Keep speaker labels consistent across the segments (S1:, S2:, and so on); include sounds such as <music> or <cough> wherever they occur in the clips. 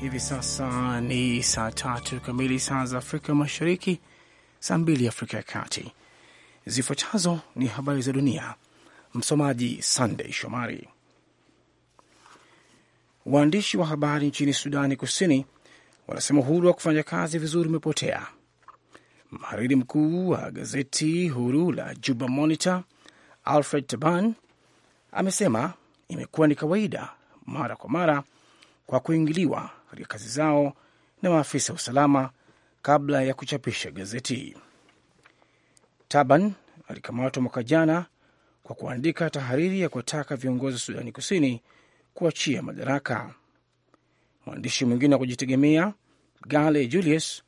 S1: Hivi sasa ni saa tatu kamili saa za Afrika Mashariki, saa mbili Afrika ya Kati. Zifuatazo ni habari za dunia, msomaji Sandey Shomari. Waandishi wa habari nchini Sudani Kusini wanasema uhuru wa kufanya kazi vizuri umepotea. Mhariri mkuu wa gazeti huru la Juba Monitor, Alfred Taban, amesema imekuwa ni kawaida mara kwa mara kwa kuingiliwa katika kazi zao na maafisa wa usalama kabla ya kuchapisha gazeti. Taban alikamatwa mwaka jana kwa kuandika tahariri ya kuwataka viongozi wa Sudani Kusini kuachia madaraka. Mwandishi mwingine wa kujitegemea Gale Julius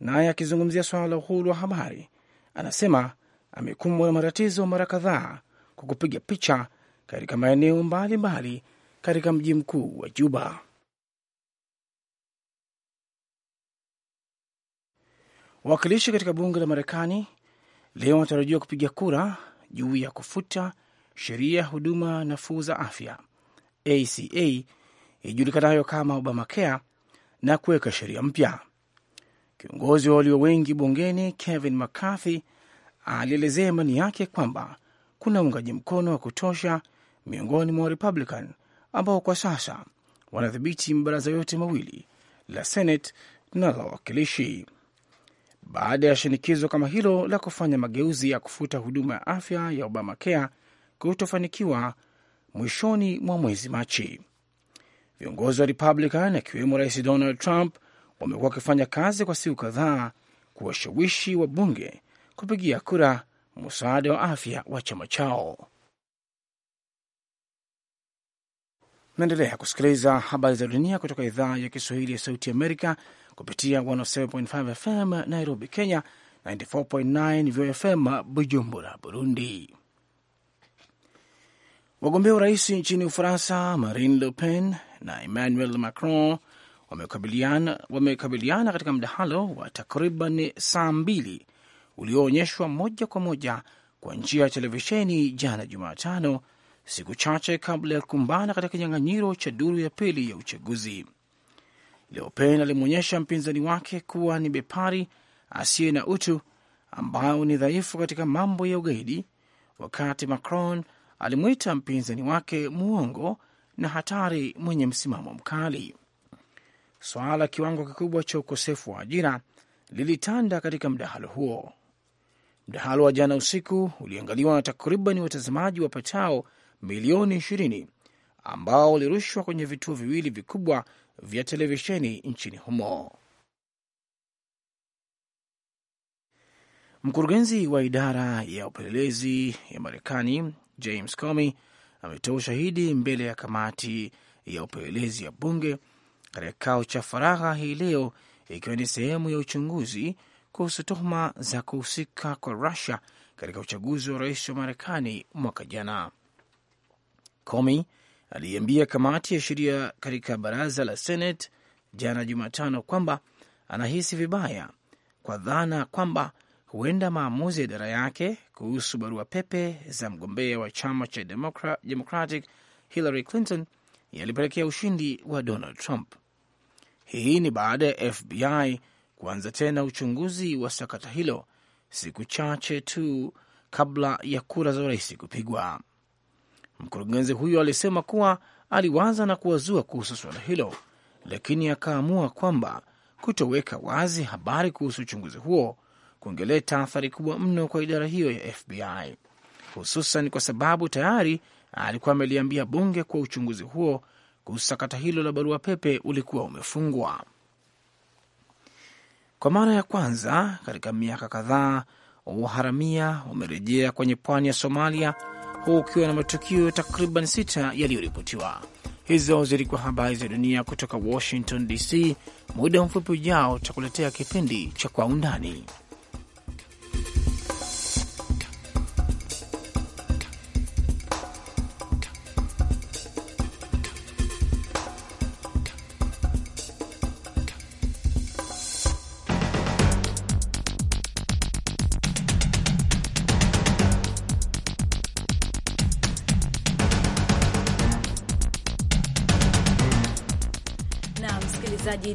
S1: naye akizungumzia swala la uhuru wa habari, anasema amekumbwa na matatizo mara kadhaa kwa kupiga picha katika maeneo mbalimbali katika mji mkuu wa Juba. Wawakilishi katika bunge la Marekani leo wanatarajiwa kupiga kura juu ya kufuta sheria ya huduma nafuu za afya ACA ijulikanayo kama Obamacare na kuweka sheria mpya. Kiongozi wa walio wengi bungeni Kevin McCarthy alielezea imani yake kwamba kuna uungaji mkono wa kutosha miongoni mwa Republican ambao kwa sasa wanadhibiti mabaraza yote mawili la Senate na la wawakilishi baada ya shinikizo kama hilo la kufanya mageuzi ya kufuta huduma ya afya ya Obamacare kutofanikiwa mwishoni mwa mwezi Machi. Viongozi wa Republican akiwemo Rais Donald Trump wamekuwa wakifanya kazi kwa siku kadhaa kuwashawishi wabunge kupigia kura msaada wa afya wa chama chao. Naendelea kusikiliza habari za dunia kutoka idhaa ya Kiswahili ya Sauti Amerika kupitia 107.5 FM Nairobi, Kenya, 94.9 VFM Bujumbura, Burundi. Wagombea urais nchini Ufaransa Marine Le Pen na Emmanuel Macron wamekabiliana wamekabiliana katika mdahalo wa takriban saa mbili ulioonyeshwa moja kwa moja kwa njia ya televisheni jana Jumatano, siku chache kabla ya kukumbana katika kinyang'anyiro cha duru ya pili ya uchaguzi. Leopen alimwonyesha mpinzani wake kuwa ni bepari asiye na utu ambao ni dhaifu katika mambo ya ugaidi, wakati Macron alimwita mpinzani wake muongo na hatari mwenye msimamo mkali. Swala la kiwango kikubwa cha ukosefu wa ajira lilitanda katika mdahalo huo. Mdahalo wa jana usiku uliangaliwa na takriban watazamaji wapatao milioni 20 ambao walirushwa kwenye vituo viwili vikubwa vya televisheni nchini humo. Mkurugenzi wa idara ya upelelezi ya Marekani James Comey ametoa ushahidi mbele ya kamati ya upelelezi ya bunge katika kikao cha faragha hii leo, ikiwa ni sehemu ya uchunguzi kuhusu tuhuma za kuhusika kwa Rusia katika uchaguzi wa rais wa Marekani mwaka jana. Comey aliiambia kamati ya sheria katika baraza la Senate jana Jumatano kwamba anahisi vibaya kwa dhana kwamba huenda maamuzi ya idara yake kuhusu barua pepe za mgombea wa chama cha Democratic Hillary Clinton yalipelekea ushindi wa Donald Trump. Hii ni baada ya FBI kuanza tena uchunguzi wa sakata hilo siku chache tu kabla ya kura za urais kupigwa. Mkurugenzi huyo alisema kuwa aliwaza na kuwazua kuhusu suala hilo, lakini akaamua kwamba kutoweka wazi habari kuhusu uchunguzi huo kungeleta athari kubwa mno kwa idara hiyo ya FBI, hususan kwa sababu tayari alikuwa ameliambia bunge kuwa uchunguzi huo kuhusu sakata hilo la barua pepe ulikuwa umefungwa. Kwa mara ya kwanza katika miaka kadhaa, uharamia umerejea kwenye pwani ya Somalia huu ukiwa na matukio takriban sita yaliyoripotiwa. Hizo zilikuwa habari za dunia kutoka Washington DC. Muda mfupi ujao utakuletea kipindi cha Kwa Undani.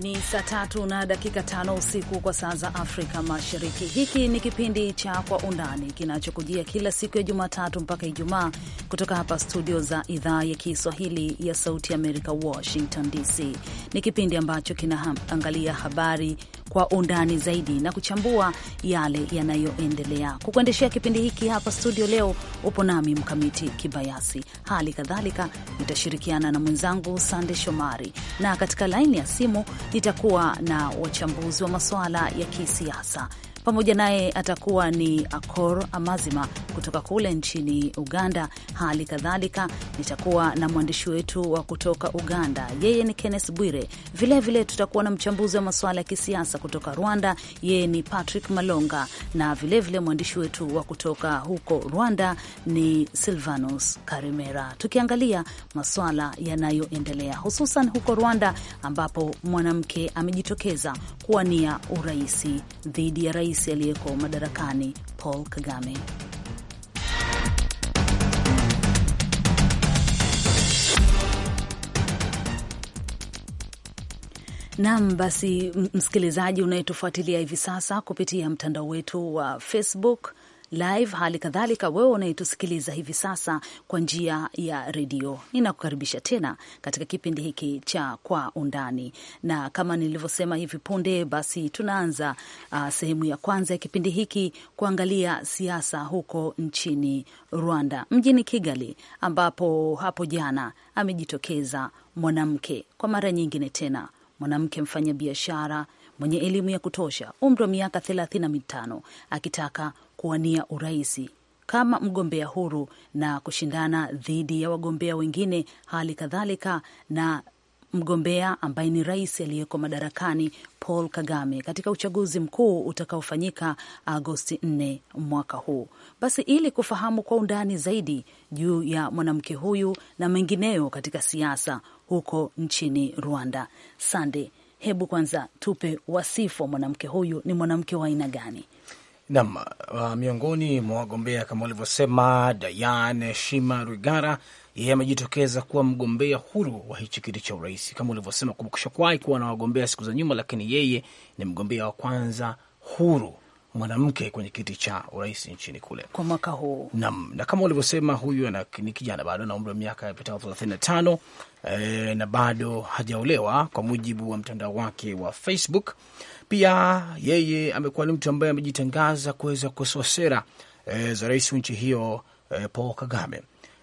S2: ni saa tatu na dakika tano usiku kwa saa za Afrika Mashariki. Hiki ni kipindi cha Kwa Undani kinachokujia kila siku ya Jumatatu mpaka Ijumaa kutoka hapa studio za idhaa ya Kiswahili ya Sauti ya Amerika, Washington DC. Ni kipindi ambacho kinaangalia habari kwa undani zaidi na kuchambua yale yanayoendelea. Kukuendeshea kipindi hiki hapa studio leo upo nami Mkamiti Kibayasi, hali kadhalika nitashirikiana na mwenzangu Sande Shomari, na katika laini ya simu nitakuwa na wachambuzi wa masuala ya kisiasa. Pamoja naye atakuwa ni Akor Amazima kutoka kule nchini Uganda. Hali kadhalika nitakuwa na mwandishi wetu wa kutoka Uganda, yeye ni Kenneth Bwire. Vilevile tutakuwa na mchambuzi wa masuala ya kisiasa kutoka Rwanda, yeye ni Patrick Malonga, na vilevile mwandishi wetu wa kutoka huko Rwanda ni Silvanus Karimera, tukiangalia masuala yanayoendelea hususan huko Rwanda ambapo mwanamke amejitokeza kuwania uraisi dhidi ya rais rais aliyeko madarakani Paul Kagame. Nam, basi msikilizaji unayetufuatilia hivi sasa kupitia mtandao wetu wa Facebook live, hali kadhalika wewe unayetusikiliza hivi sasa kwa njia ya redio, ninakukaribisha tena katika kipindi hiki cha Kwa Undani, na kama nilivyosema hivi punde, basi tunaanza uh, sehemu ya kwanza ya kipindi hiki kuangalia siasa huko nchini Rwanda, mjini Kigali, ambapo hapo jana amejitokeza mwanamke kwa mara nyingine tena, mwanamke mfanyabiashara mwenye elimu ya kutosha, umri wa miaka thelathini na mitano, akitaka kuwania uraisi kama mgombea huru na kushindana dhidi ya wagombea wengine, hali kadhalika na mgombea ambaye ni rais aliyeko madarakani Paul Kagame katika uchaguzi mkuu utakaofanyika Agosti 4 mwaka huu. Basi ili kufahamu kwa undani zaidi juu ya mwanamke huyu na mengineyo katika siasa huko nchini Rwanda, Sande hebu kwanza tupe wasifu wa mwanamke huyu, ni mwanamke wa aina gani?
S1: Nam uh, miongoni mwa wagombea kama walivyosema Diane Shima Rwigara, yeye amejitokeza kuwa mgombea huru wa hichi kiti cha urais kama ulivyosema, kumbukisha kwai kuwa na wagombea siku za nyuma, lakini yeye ni mgombea wa kwanza huru mwanamke kwenye kiti cha urais nchini kule kwa mwaka huu. Naam, na kama ulivyosema, huyu ni kijana bado na umri wa miaka yapitao thelathini na tano e, na bado hajaolewa kwa mujibu wa mtandao wake wa Facebook. Pia yeye amekuwa ni mtu ambaye amejitangaza kuweza kukosoa sera e, za rais wa nchi hiyo e, Paul Kagame,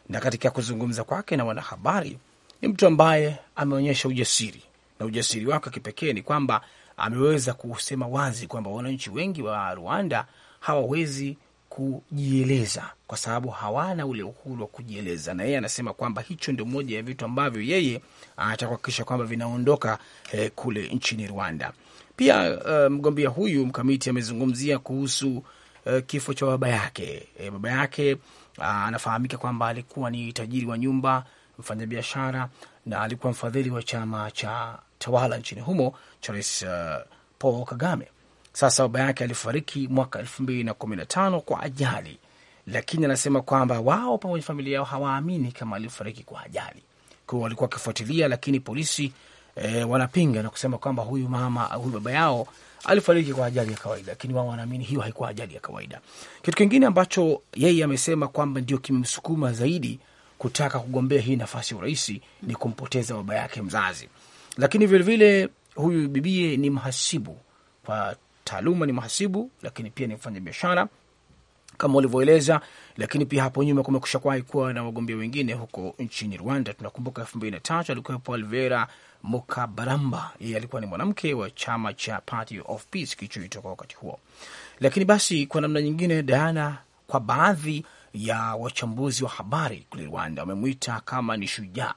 S1: na katika kuzungumza kwake na wanahabari, ni mtu ambaye ameonyesha ujasiri na ujasiri wake kipekee ni kwamba ameweza kusema wazi kwamba wananchi wengi wa Rwanda hawawezi kujieleza kwa sababu hawana ule uhuru wa kujieleza, na yeye anasema kwamba hicho ndio moja ya vitu ambavyo yeye anataka kuhakikisha kwamba vinaondoka eh, kule nchini Rwanda. Pia eh, mgombea huyu mkamiti amezungumzia kuhusu eh, kifo cha baba yake. Eh, baba yake ah, anafahamika kwamba alikuwa ni tajiri wa nyumba, mfanyabiashara na alikuwa mfadhili wa chama cha tawala nchini humo cha Rais uh, Paul Kagame. Sasa baba yake alifariki mwaka elfu mbili na kumi na tano kwa ajali, lakini anasema kwamba wao pamoja familia yao hawaamini kama alifariki kwa ajali, kwa hiyo walikuwa wakifuatilia, lakini polisi e, wanapinga na kusema kwamba huyu mama au huyu baba yao alifariki kwa ajali ya kawaida, lakini wao wanaamini hiyo haikuwa ajali ya kawaida. Kitu kingine ambacho yeye amesema kwamba ndio kimemsukuma zaidi kutaka kugombea hii nafasi ya urais ni kumpoteza baba yake mzazi. Lakini vilevile huyu bibie ni mhasibu kwa taaluma, ni mhasibu lakini pia ni mfanya biashara kama ulivyoeleza, lakini pia hapo nyuma kumekusha kwahi kuwa na wagombea wengine huko nchini Rwanda. Tunakumbuka elfu mbili na tatu alikuwepo Alvera Mukabaramba, yeye alikuwa ni mwanamke wa chama cha Party of Peace kilichoitoka wakati huo. Lakini basi kwa namna nyingine, Diana, kwa baadhi ya wachambuzi wa habari kule Rwanda wamemwita kama ni shujaa,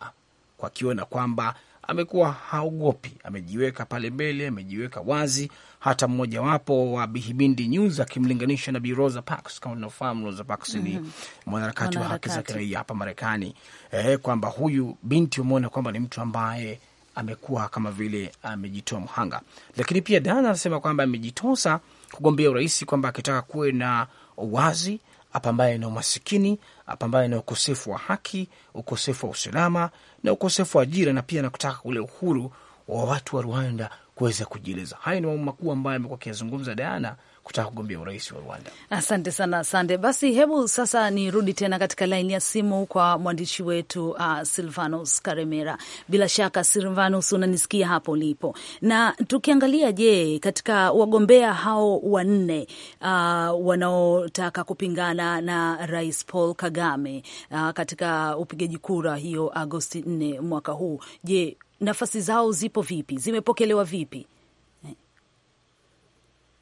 S1: kwakiona kwamba amekuwa haogopi, amejiweka pale mbele, amejiweka wazi. Hata mmojawapo wa Bihibindi News akimlinganisha na Bi Rosa Parks. Kama unafahamu Rosa Parks ni mhm. mwanaharakati wa haki za kiraia hapa Marekani, eh, kwamba huyu binti umeona kwamba ni mtu ambaye amekuwa kama vile amejitoa mhanga. Lakini pia Dana anasema kwamba amejitosa kugombea urais, kwamba akitaka kuwe na uwazi apambane na umasikini, apambane na ukosefu wa haki, ukosefu wa usalama na ukosefu wa ajira, na pia na kutaka ule uhuru wa watu wa Rwanda kuweza kujieleza. Hayo ni mambo makuu ambayo amekuwa akiyazungumza Diana kutaka kugombea urais wa Rwanda.
S2: Asante sana, asante basi. Hebu sasa nirudi tena katika laini ya simu kwa mwandishi wetu uh, Silvanus Karemera. Bila shaka Silvanus, unanisikia hapo ulipo, na tukiangalia, je, katika wagombea hao wanne uh, wanaotaka kupingana na Rais Paul Kagame uh, katika upigaji kura hiyo Agosti 4 mwaka huu, je, nafasi zao zipo vipi? Zimepokelewa vipi?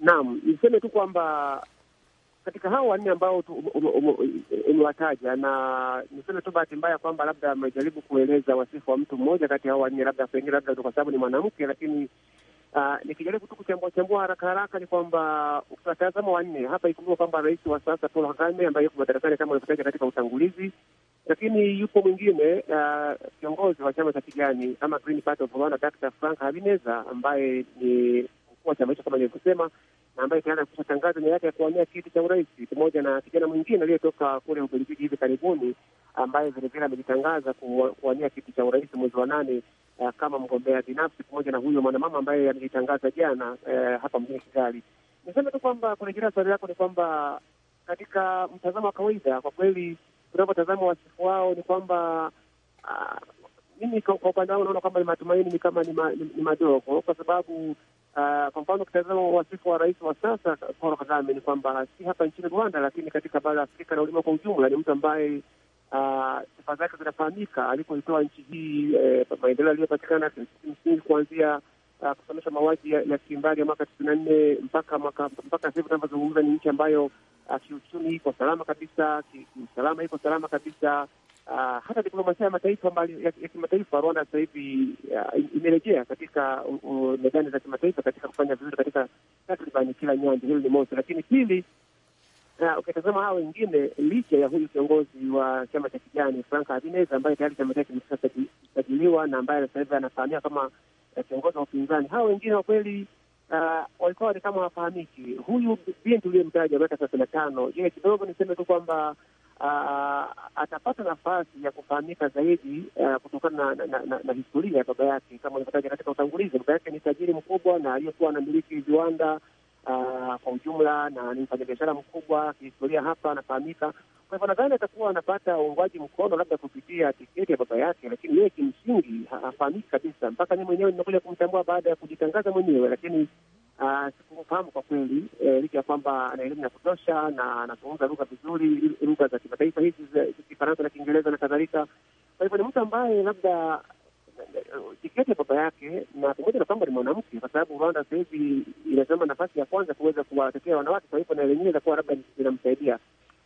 S3: Naam, niseme tu kwamba katika hao wanne ambao umewataja na niseme tu bahati mbaya kwamba labda amejaribu kueleza wasifu wa mtu mmoja kati ya hao wanne, labda pengine, labda kwa sababu ni mwanamke, lakini uh, nikijaribu tu kuchambua chambua haraka haraka ni kwamba ukiwatazama wanne hapa, ikumbuka kwamba rais wa sasa Paul Kagame ambaye yuko madarakani kama ulivyotaja katika utangulizi, lakini yupo mwingine ah, kiongozi uh, wa chama cha kijani ama Green Party of Rwanda, Dr. Frank Habineza ambaye ni mkuu wa chama hicho kama nilivyosema, na ambaye tayari tangaza nia yake ya kuwania kiti cha urais pamoja na kijana mwingine aliyetoka kule Ubelgiji hivi karibuni, ambaye vilevile amejitangaza kuwania kiti cha urais mwezi wa nane uh, kama mgombea binafsi pamoja na huyo mwanamama ambaye amejitangaza jana uh, hapa mjini Kigali. Niseme tu kwamba kurejelea swali lako ni kwamba katika mtazamo wa kawaida, kwa kweli tunavyotazama wasifu wao ni kwamba uh, mimi kwa upande wangu naona kwamba ni matumaini ni kama ni madogo kwa sababu Uh, kwa mfano ukitazama wasifu wa rais wa sasa Paul Kagame ni kwamba si hapa nchini Rwanda, lakini katika bara la Afrika na ulimwengu kwa ujumla, ni mtu ambaye ah, sifa zake zinafahamika, alipoitoa nchi hii eh, maendeleo aliyopatikana kimsingi kuanzia uh, kusomesha mauaji ya kimbari ya mwaka tisini na nne mpaka mpaka sahivi tunavyozungumza, ni nchi ambayo uh, kiuchumi iko salama kabisa, kiusalama iko salama kabisa Uh, hata diplomasia ya mataifa mbali ya kimataifa, Rwanda sasa hivi uh, imerejea katika medani za kimataifa katika kufanya vizuri katika takriban kila nyanja. Hilo ni mosi, lakini pili, ukitazama uh, hawa wengine, licha ya huyu kiongozi wa chama cha kijani Frank Habineza ambaye tayari chama chake kimeshasajiliwa na ambaye sasa hivi anafahamia kama eh, kiongozi wa upinzani, hawa wengine kwa kweli Uh, walikuwa ni kama wafahamiki. Huyu bintu uliyemtaja miaka thelathini na tano, yeye kidogo niseme tu kwamba uh, atapata nafasi ya kufahamika zaidi uh, kutokana na, na, na, na historia ya baba yake kama alivyotaja katika utangulizi. Baba yake ni tajiri mkubwa na aliyekuwa anamiliki viwanda uh, kwa ujumla na ni mfanyabiashara mkubwa kihistoria, hapa anafahamika. Kwa hivyo nadhani atakuwa anapata uungwaji mkono labda kupitia tiketi ya baba yake, lakini yeye kimsingi hafahamiki kabisa mpaka mi mwenyewe nimekuja kumtambua baada ya kujitangaza mwenyewe, lakini sikumfahamu ah, kwa kweli eh, licha ya kwamba ana elimu ya kutosha na anazungumza lugha vizuri, lugha za kimataifa hizi Kifaransa na Kiingereza na kadhalika. Kwa hivyo ni mtu ambaye labda tiketi ya baba yake na pamoja na kwamba ni mwanamke, kwa sababu Rwanda sasa hivi nafasi ya kwanza kuweza kuwatetea wanawake, kwa hivyo na lenyewe labda inamsaidia.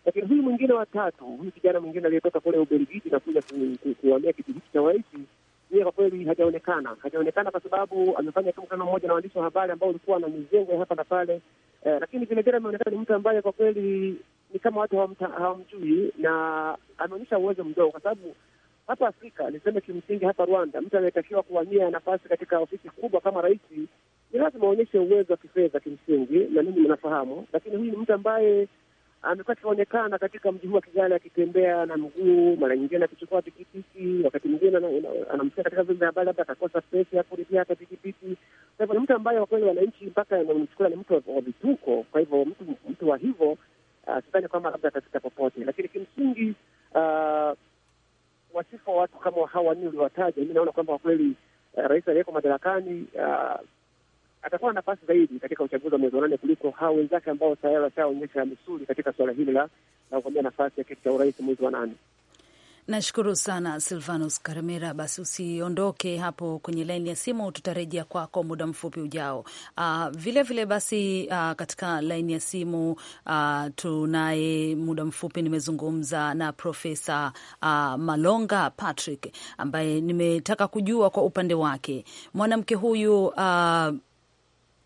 S3: Lakini huyu mwingine watatu, huyu kijana mwingine aliyetoka kule Ubelgiji na kuja kuhamia kiti hiki cha waisi yeye kwa kweli hajaonekana, hajaonekana kwa sababu amefanya tu mkutano mmoja na waandishi wa habari ambao ulikuwa na mizengo hapa na pale, eh, lakini vilevile ameonekana ni mtu ambaye kwa kweli ni kama watu hawamjui na ameonyesha uwezo mdogo, kwa sababu hapa Afrika niseme kimsingi, hapa Rwanda mtu anayetakiwa kuwania nafasi katika ofisi kubwa kama rais ni lazima aonyeshe uwezo wa kifedha kimsingi, na mimi mnafahamu, lakini huyu ni mtu ambaye amekuwa akionekana katika mji huu wa Kigali akitembea na mguu, mara nyingine akichukua pikipiki, wakati mwingine anamsikia katika vyombo vya habari labda atakosa pesa ya kulipia hata pikipiki. Kwa hivyo ni mtu ambaye kwa kweli wananchi mpaka anamchukulia ni mtu wa vituko. Kwa hivyo mtu mtu wa hivyo ah, sidhani kwamba labda atafika popote, lakini kimsingi ah, wasifu wa watu kama hawa niliowataja, mi naona kwamba kwa kweli ah, rais aliyeko madarakani atakuwa na nafasi zaidi katika uchaguzi wa mwezi wa nane kuliko hao wenzake ambao tayari washaonyesha misuli katika suala hili la kugombea nafasi ya kiti cha urais mwezi wa
S4: nane.
S2: Nashukuru sana Silvanus Karamera. Basi usiondoke hapo kwenye laini ya simu, tutarejea kwako muda mfupi ujao. Uh, vile vile basi, uh, katika laini ya simu uh, tunaye muda mfupi, nimezungumza na Profesa uh, Malonga Patrick ambaye nimetaka kujua kwa upande wake mwanamke huyu uh,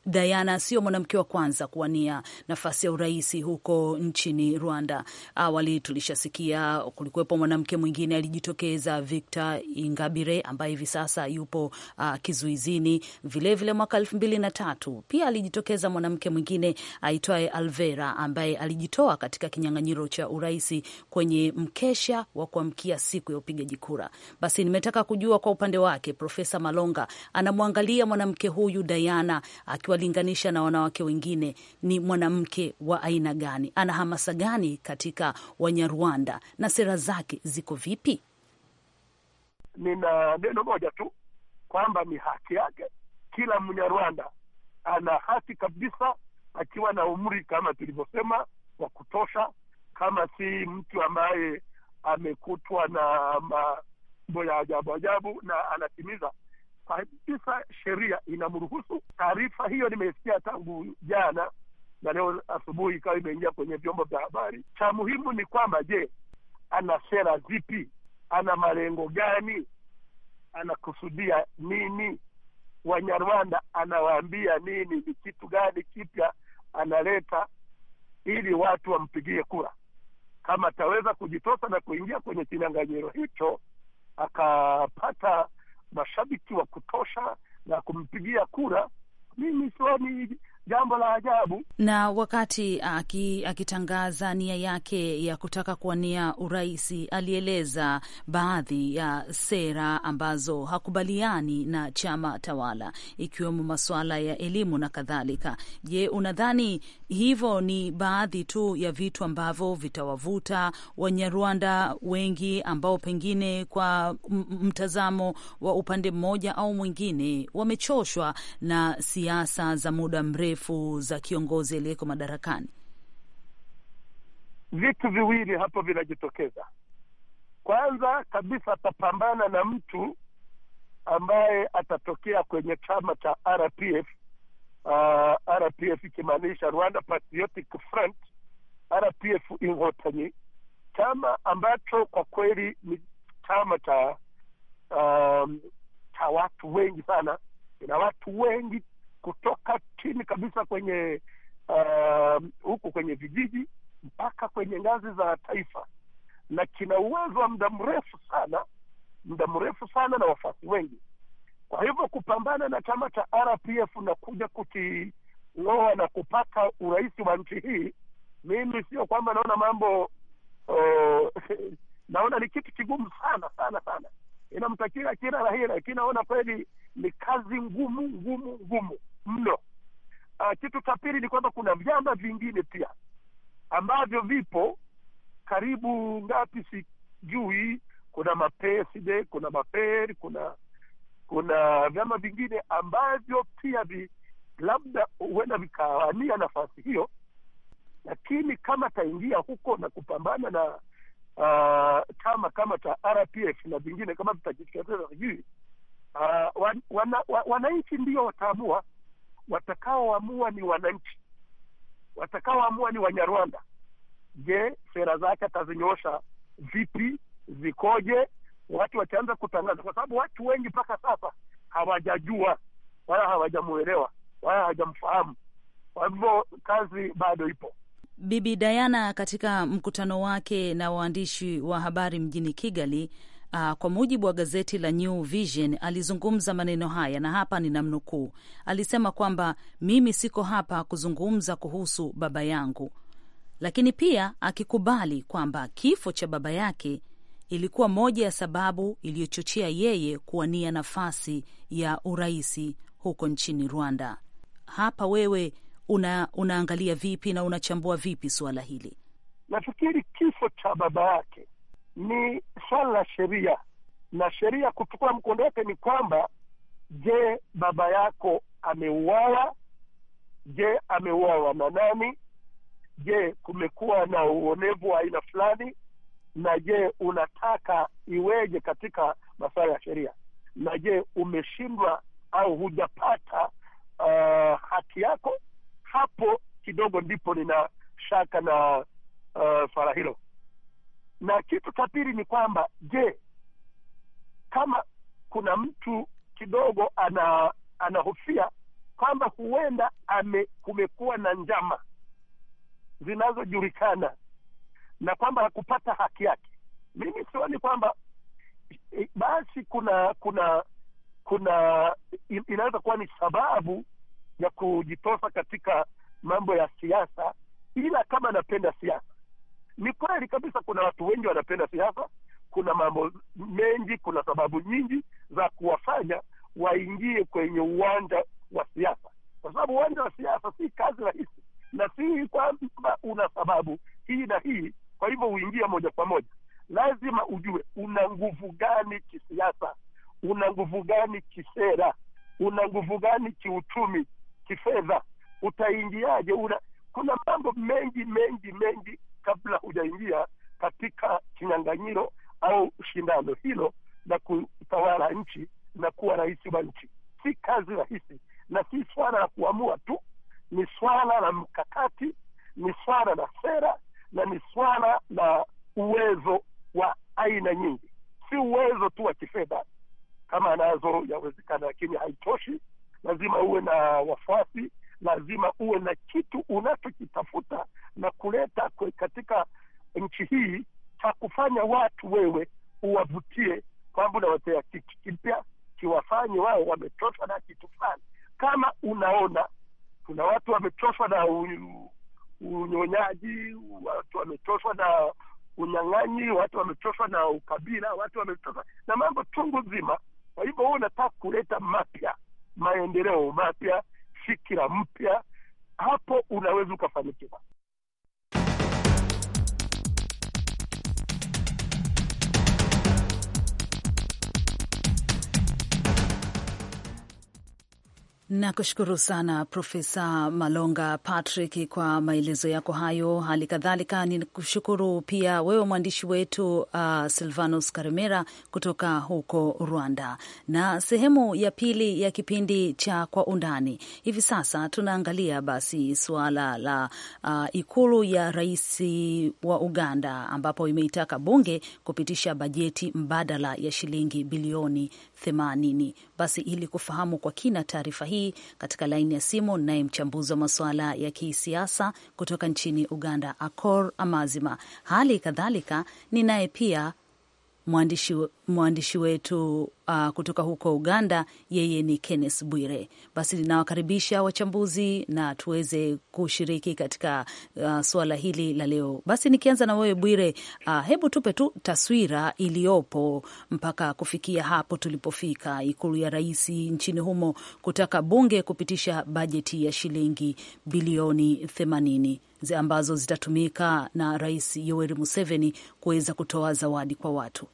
S2: Diana sio mwanamke wa kwanza kuwania nafasi ya urais huko nchini Rwanda. Awali tulishasikia kulikuwepo mwanamke mwingine alijitokeza, Victor Ingabire ambaye hivi sasa yupo uh, kizuizini. Vilevile mwaka elfu mbili na tatu pia alijitokeza mwanamke mwingine aitwaye Alvera ambaye alijitoa katika kinyang'anyiro cha urais kwenye mkesha wa kuamkia siku ya upigaji kura. Basi nimetaka kujua kwa upande wake Profesa Malonga anamwangalia mwanamke huyu Diana ukiwalinganisha na wanawake wengine, ni mwanamke wa aina gani? Ana hamasa gani katika Wanyarwanda na sera zake ziko vipi?
S5: Nina neno moja tu kwamba ni haki yake. Kila Mnyarwanda ana haki kabisa, akiwa na umri kama tulivyosema wa kutosha, kama si mtu ambaye amekutwa na mambo ya ajabu ajabu na anatimiza kabisa sheria inamruhusu. Taarifa hiyo nimeisikia tangu jana na leo asubuhi ikawa imeingia kwenye vyombo vya habari. Cha muhimu ni kwamba, je, ana sera zipi? Ana malengo gani? Anakusudia nini? Wanyarwanda anawaambia nini? Ni kitu gani kipya analeta ili watu wampigie kura? Kama ataweza kujitosa na kuingia kwenye kinyang'anyiro hicho akapata mashabiki wa kutosha na kumpigia kura. Mimi siwani jambo la ajabu.
S2: Na wakati akitangaza nia yake ya kutaka kuwania urais, alieleza baadhi ya sera ambazo hakubaliani na chama tawala, ikiwemo masuala ya elimu na kadhalika. Je, unadhani hivyo ni baadhi tu ya vitu ambavyo vitawavuta Wanyarwanda wengi ambao pengine kwa mtazamo wa upande mmoja au mwingine wamechoshwa na siasa za muda mrefu mrefu za kiongozi aliyeko madarakani?
S5: Vitu viwili hapo vinajitokeza. Kwanza kabisa, atapambana na mtu ambaye atatokea kwenye chama cha RPF. Uh, RPF ikimaanisha Rwanda Patriotic Front, RPF Inkotanyi, chama ambacho kwa kweli ni chama cha um, cha watu wengi sana, ina watu wengi kutoka chini kabisa kwenye uh, huku kwenye vijiji mpaka kwenye ngazi za taifa, na kina uwezo wa muda mrefu sana, muda mrefu sana na wafasi wengi. Kwa hivyo kupambana na chama cha RPF na kuja kuting'oa na kupata urais wa nchi hii, mimi sio kwamba naona mambo uh, <laughs> naona ni kitu kigumu sana sana sana inamtakia kila la hii, lakini naona kweli ni kazi ngumu ngumu ngumu mno. Uh, kitu cha pili ni kwamba kuna vyama vingine pia ambavyo vipo karibu ngapi sijui, kuna mapeside, kuna maperi, kuna kuna vyama vingine ambavyo pia vi, labda huenda vikawania nafasi hiyo, lakini kama taingia huko na kupambana na uh, kama kama cha RPF na vingine kama vitajitokeza, sijui uh, wan, wana, ndio wataamua. Watakaoamua ni wananchi, watakaoamua ni Wanyarwanda. Je, sera zake atazinyosha vipi? Zikoje? watu wataanza kutangaza, kwa sababu watu wengi mpaka sasa hawajajua wala hawajamuelewa wala hawajamfahamu. Kwa hivyo kazi
S2: bado ipo. Bibi Diana katika mkutano wake na waandishi wa habari mjini Kigali. Uh, kwa mujibu wa gazeti la New Vision alizungumza maneno haya na hapa ninamnukuu. Alisema kwamba mimi siko hapa kuzungumza kuhusu baba yangu, lakini pia akikubali kwamba kifo cha baba yake ilikuwa moja ya sababu iliyochochea yeye kuwania nafasi ya uraisi huko nchini Rwanda. Hapa wewe una, unaangalia vipi na unachambua vipi suala hili?
S5: Nafikiri kifo cha baba yake ni swala la sheria, na sheria kuchukua mkondo wake ni kwamba, je, baba yako ameuawa? Je, ameuawa na nani? Je, kumekuwa na uonevu wa aina fulani? Na je, unataka iweje katika masuala ya sheria? Na je, umeshindwa au hujapata uh, haki yako? hapo kidogo ndipo nina shaka na uh, swala hilo na kitu cha pili ni kwamba je kama kuna mtu kidogo ana anahofia kwamba huenda ame kumekuwa na njama zinazojulikana na kwamba hakupata haki yake mimi sioni kwamba eh, basi kuna kuna kuna inaweza kuwa ni sababu ya kujitosa katika mambo ya siasa, ila kama anapenda siasa. Ni kweli kabisa, kuna watu wengi wanapenda siasa, kuna mambo mengi, kuna sababu nyingi za kuwafanya waingie kwenye uwanja wa siasa, kwa sababu uwanja wa siasa si kazi rahisi, na si kwamba una sababu hii na hii, kwa hivyo uingie moja kwa moja. Lazima ujue una nguvu gani kisiasa, una nguvu gani kisera, una nguvu gani kiuchumi kifedha. Utaingiaje? Una, kuna mambo mengi mengi mengi kabla hujaingia katika kinyang'anyiro au shindano hilo la kutawala nchi na kuwa rais wa nchi. Si kazi rahisi, na si swala la kuamua tu, ni swala la mkakati, ni swala la sera,
S2: Nakushukuru sana Profesa Malonga Patrick kwa maelezo yako hayo. Hali kadhalika nikushukuru pia wewe mwandishi wetu uh, Silvanus Karemera kutoka huko Rwanda. Na sehemu ya pili ya kipindi cha Kwa Undani hivi sasa tunaangalia basi suala la uh, ikulu ya rais wa Uganda, ambapo imeitaka bunge kupitisha bajeti mbadala ya shilingi bilioni 80. Basi ili kufahamu kwa kina taarifa hii hii katika laini ya simu naye mchambuzi wa masuala ya kisiasa kutoka nchini Uganda, Akor Amazima. Hali kadhalika ninaye pia mwandishi, mwandishi wetu uh, kutoka huko Uganda, yeye ni Kenneth Bwire. Basi ninawakaribisha wachambuzi na tuweze kushiriki katika uh, suala hili la leo. Basi nikianza na wewe Bwire, uh, hebu tupe tu taswira iliyopo mpaka kufikia hapo tulipofika, Ikulu ya rais nchini humo kutaka bunge kupitisha bajeti ya shilingi bilioni themanini ambazo zitatumika na Rais Yoweri Museveni kuweza kutoa zawadi kwa watu.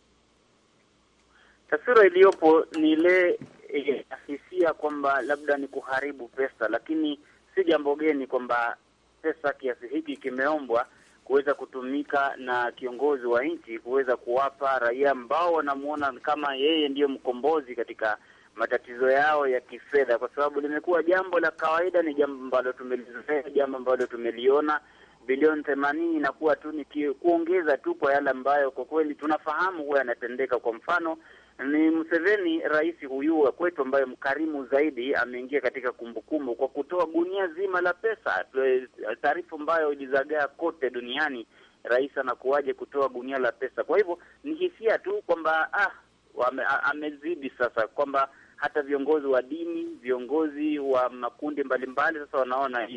S4: Taswira iliyopo ni ile eh, hisia kwamba labda ni kuharibu pesa, lakini si jambo geni kwamba pesa kiasi hiki kimeombwa kuweza kutumika na kiongozi wa nchi kuweza kuwapa raia ambao wanamuona kama yeye ndiyo mkombozi katika matatizo yao ya kifedha, kwa sababu limekuwa jambo la kawaida, ni jambo ambalo tumelizoea, jambo ambalo tumeliona. Bilioni themanini inakuwa tu ni kuongeza tu kwa yale ambayo kwa kweli tunafahamu huwa yanatendeka. Kwa mfano ni Museveni, rais huyu wa kwetu ambaye mkarimu zaidi, ameingia katika kumbukumbu kwa kutoa gunia zima la pesa, eh, taarifa ambayo ilizagaa kote duniani. Rais anakuwaje kutoa gunia la pesa? Kwa hivyo ni hisia tu kwamba ah, wame, amezidi sasa, kwamba hata viongozi wa dini, viongozi wa makundi mbalimbali sasa wanaona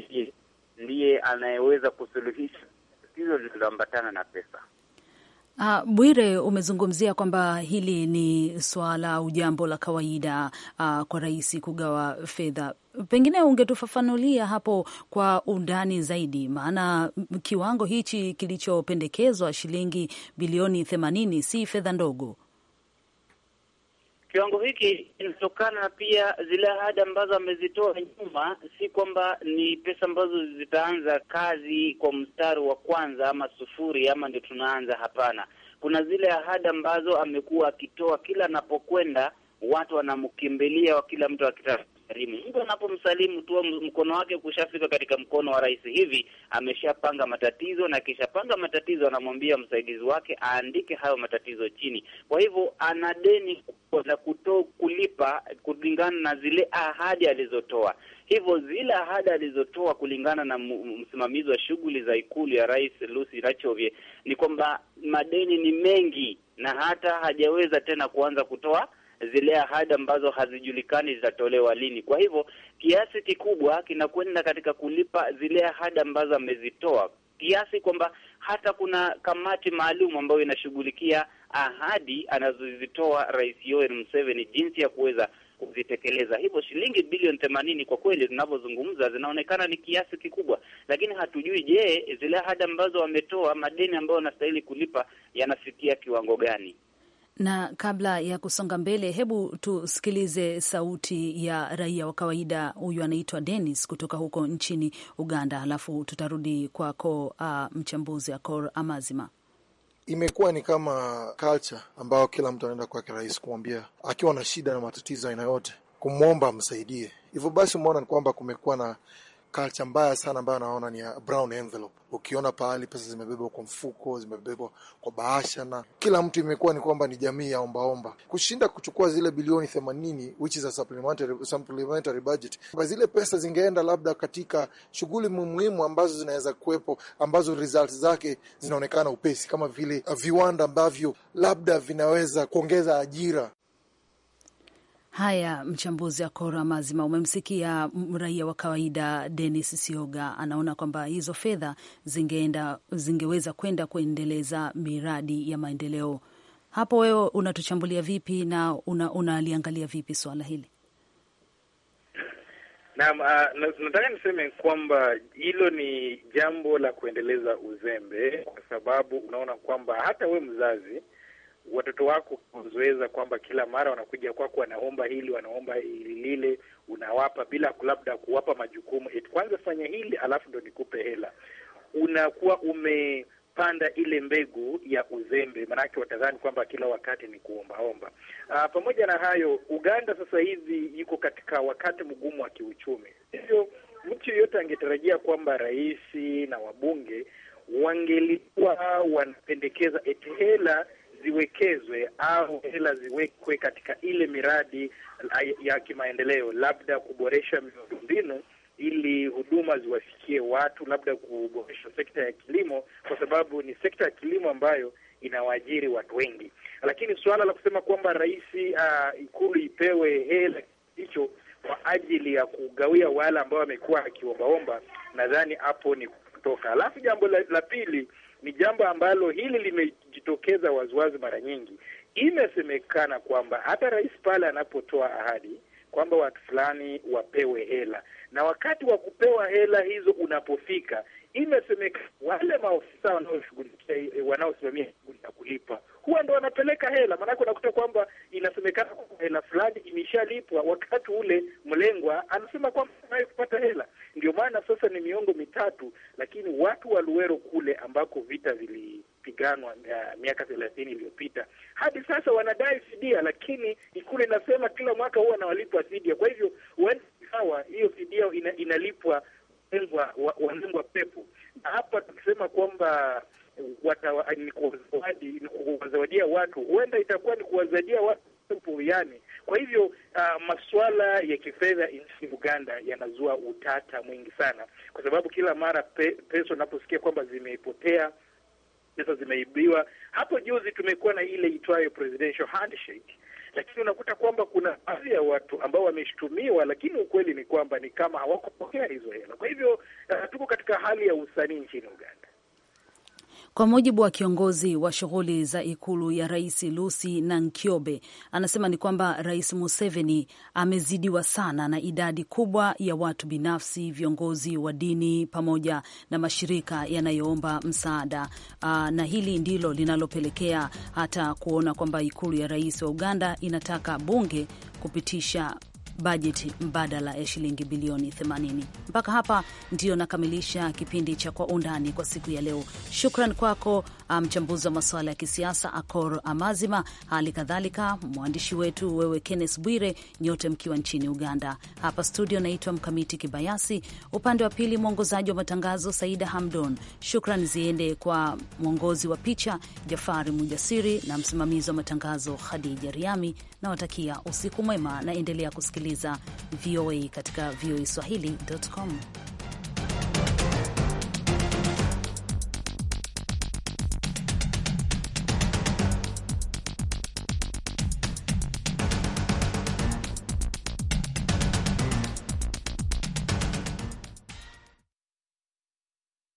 S4: ndiye anayeweza kusuluhisha tatizo lililoambatana na pesa.
S2: Uh, Bwire umezungumzia kwamba hili ni swala au jambo la kawaida uh, kwa rais kugawa fedha. Pengine ungetufafanulia hapo kwa undani zaidi, maana kiwango hichi kilichopendekezwa shilingi bilioni themanini si fedha ndogo.
S4: Kiwango hiki kinatokana pia zile ahadi ambazo amezitoa nyuma, si kwamba ni pesa ambazo zitaanza kazi kwa mstari wa kwanza ama sufuri ama ndio tunaanza. Hapana, kuna zile ahadi ambazo amekuwa akitoa kila anapokwenda, watu wanamkimbilia, kila mtu akitaka kumsalimu. Mtu anapomsalimu tu mkono wake kushafika katika mkono wa rais hivi, ameshapanga matatizo, na akishapanga matatizo anamwambia msaidizi wake aandike hayo matatizo chini. Kwa hivyo ana deni la kuto kulipa kulingana na zile ahadi alizotoa. Hivyo zile ahadi alizotoa kulingana na msimamizi wa shughuli za ikulu ya rais Lucy Rachovie ni kwamba madeni ni mengi na hata hajaweza tena kuanza kutoa zile ahadi ambazo hazijulikani zitatolewa lini. Kwa hivyo kiasi kikubwa kinakwenda katika kulipa zile ahadi ambazo amezitoa, kiasi kwamba hata kuna kamati maalum ambayo inashughulikia ahadi anazozitoa Rais Yoweri Museveni, jinsi ya kuweza kuzitekeleza. Hivyo shilingi bilioni themanini kwa kweli zinavyozungumza zinaonekana ni kiasi kikubwa, lakini hatujui, je, zile ahadi ambazo wametoa, madeni ambayo wanastahili kulipa yanafikia kiwango
S2: gani? Na kabla ya kusonga mbele, hebu tusikilize sauti ya raia wa kawaida. Huyu anaitwa Denis kutoka huko nchini Uganda, alafu tutarudi kwako, uh, mchambuzi Akor Amazima.
S6: Imekuwa ni kama culture ambayo kila mtu anaenda kwake rais kumwambia akiwa na shida na matatizo aina yote, kumwomba amsaidie. Hivyo basi, umeona ni kwamba kumekuwa na culture mbaya sana ambayo naona ni ya brown envelope. Ukiona pahali pesa zimebebwa kwa mfuko, zimebebwa kwa bahasha, na kila mtu imekuwa ni kwamba ni jamii ya ombaomba, kushinda kuchukua zile bilioni themanini which is a supplementary, supplementary budget. Zile pesa zingeenda labda katika shughuli muhimu ambazo zinaweza kuwepo, ambazo results zake zinaonekana upesi, kama vile viwanda ambavyo labda vinaweza kuongeza ajira
S2: Haya, mchambuzi Akora Mazima, umemsikia raia wa kawaida Denis Sioga, anaona kwamba hizo fedha zingeenda zingeweza kwenda kuendeleza miradi ya maendeleo. Hapo wewe unatuchambulia vipi na unaliangalia una vipi suala hili?
S6: Naam, uh, nataka niseme kwamba hilo ni jambo la kuendeleza uzembe, kwa sababu unaona kwamba hata we mzazi watoto wako kuzoeza kwamba kila mara wanakuja kwako, wanaomba hili, wanaomba hili lile, unawapa bila labda kuwapa majukumu, eti kwanza fanya hili alafu ndo nikupe hela. Unakuwa umepanda ile mbegu ya uzembe, maanake watadhani kwamba kila wakati ni kuombaomba. Ah, pamoja na hayo, Uganda sasa hivi iko katika wakati mgumu wa kiuchumi, hivyo mtu yeyote angetarajia kwamba rais na wabunge wangelikuwa wanapendekeza eti hela ziwekezwe au hela ziwekwe katika ile miradi ya kimaendeleo, labda kuboresha miundombinu ili huduma ziwafikie watu, labda kuboresha sekta ya kilimo, kwa sababu ni sekta ya kilimo ambayo inawaajiri watu wengi. Lakini suala la kusema kwamba rais uh, ikulu ipewe hela hicho kwa ajili ya kugawia wale ambao wamekuwa akiombaomba, nadhani hapo ni kutoka. Alafu jambo la, la pili ni jambo ambalo hili limejitokeza waziwazi mara nyingi. Imesemekana kwamba hata rais pale anapotoa ahadi kwamba watu fulani wapewe hela, na wakati wa kupewa hela hizo unapofika, imesemekana wale maofisa wanaoshughulikia wanaosimamia shughuli ya kulipa huwa ndo wanapeleka hela, maanake unakuta kwamba inasemekana kwamba hela fulani imeshalipwa, wakati ule mlengwa anasema kwamba naye kupata hela. Ndio maana sasa ni miongo mitatu, lakini watu wa Luero kule ambako vita vilipiganwa uh, miaka thelathini iliyopita hadi sasa wanadai fidia, lakini ikulu inasema kila mwaka huwa anawalipwa fidia. Kwa hivyo hawa hiyo fidia ina, inalipwa walengwa pepo, na hapa tukisema kwamba kuwazawadia watu, huenda itakuwa ni kuwazawadia watu yani. Kwa hivyo uh, ah, masuala ya kifedha nchini Uganda yanazua utata mwingi sana, kwa sababu kila mara pe, pesa unaposikia kwamba zimepotea pesa zimeibiwa. Hapo juzi tumekuwa na ile itwayo presidential handshake, lakini unakuta kwamba kuna baadhi ya watu ambao wameshutumiwa lakini ukweli ni kwamba ni kama hawakupokea hizo hela. Kwa hivyo uh, tuko katika hali ya usanii nchini Uganda.
S2: Kwa mujibu wa kiongozi wa shughuli za ikulu ya rais Lucy Nankiobe, anasema ni kwamba Rais Museveni amezidiwa sana na idadi kubwa ya watu binafsi, viongozi wa dini, pamoja na mashirika yanayoomba msaada aa, ah, na hili ndilo linalopelekea hata kuona kwamba ikulu ya rais wa Uganda inataka bunge kupitisha bajeti mbadala ya shilingi bilioni 80. Mpaka hapa ndio nakamilisha kipindi cha Kwa Undani kwa siku ya leo. Shukran kwako uh, mchambuzi wa masuala ya kisiasa Akor Amazima, hali kadhalika mwandishi wetu wewe Kenneth Bwire, nyote mkiwa nchini Uganda. Hapa studio naitwa Mkamiti Kibayasi, upande wa pili mwongozaji wa matangazo Saida Hamdon. Shukran ziende kwa mwongozi wa picha Jafari Mujasiri na msimamizi wa matangazo Khadija Riami. Nawatakia usiku mwema, endelea kusikiliza kusikiliza VOA katika voaswahili.com.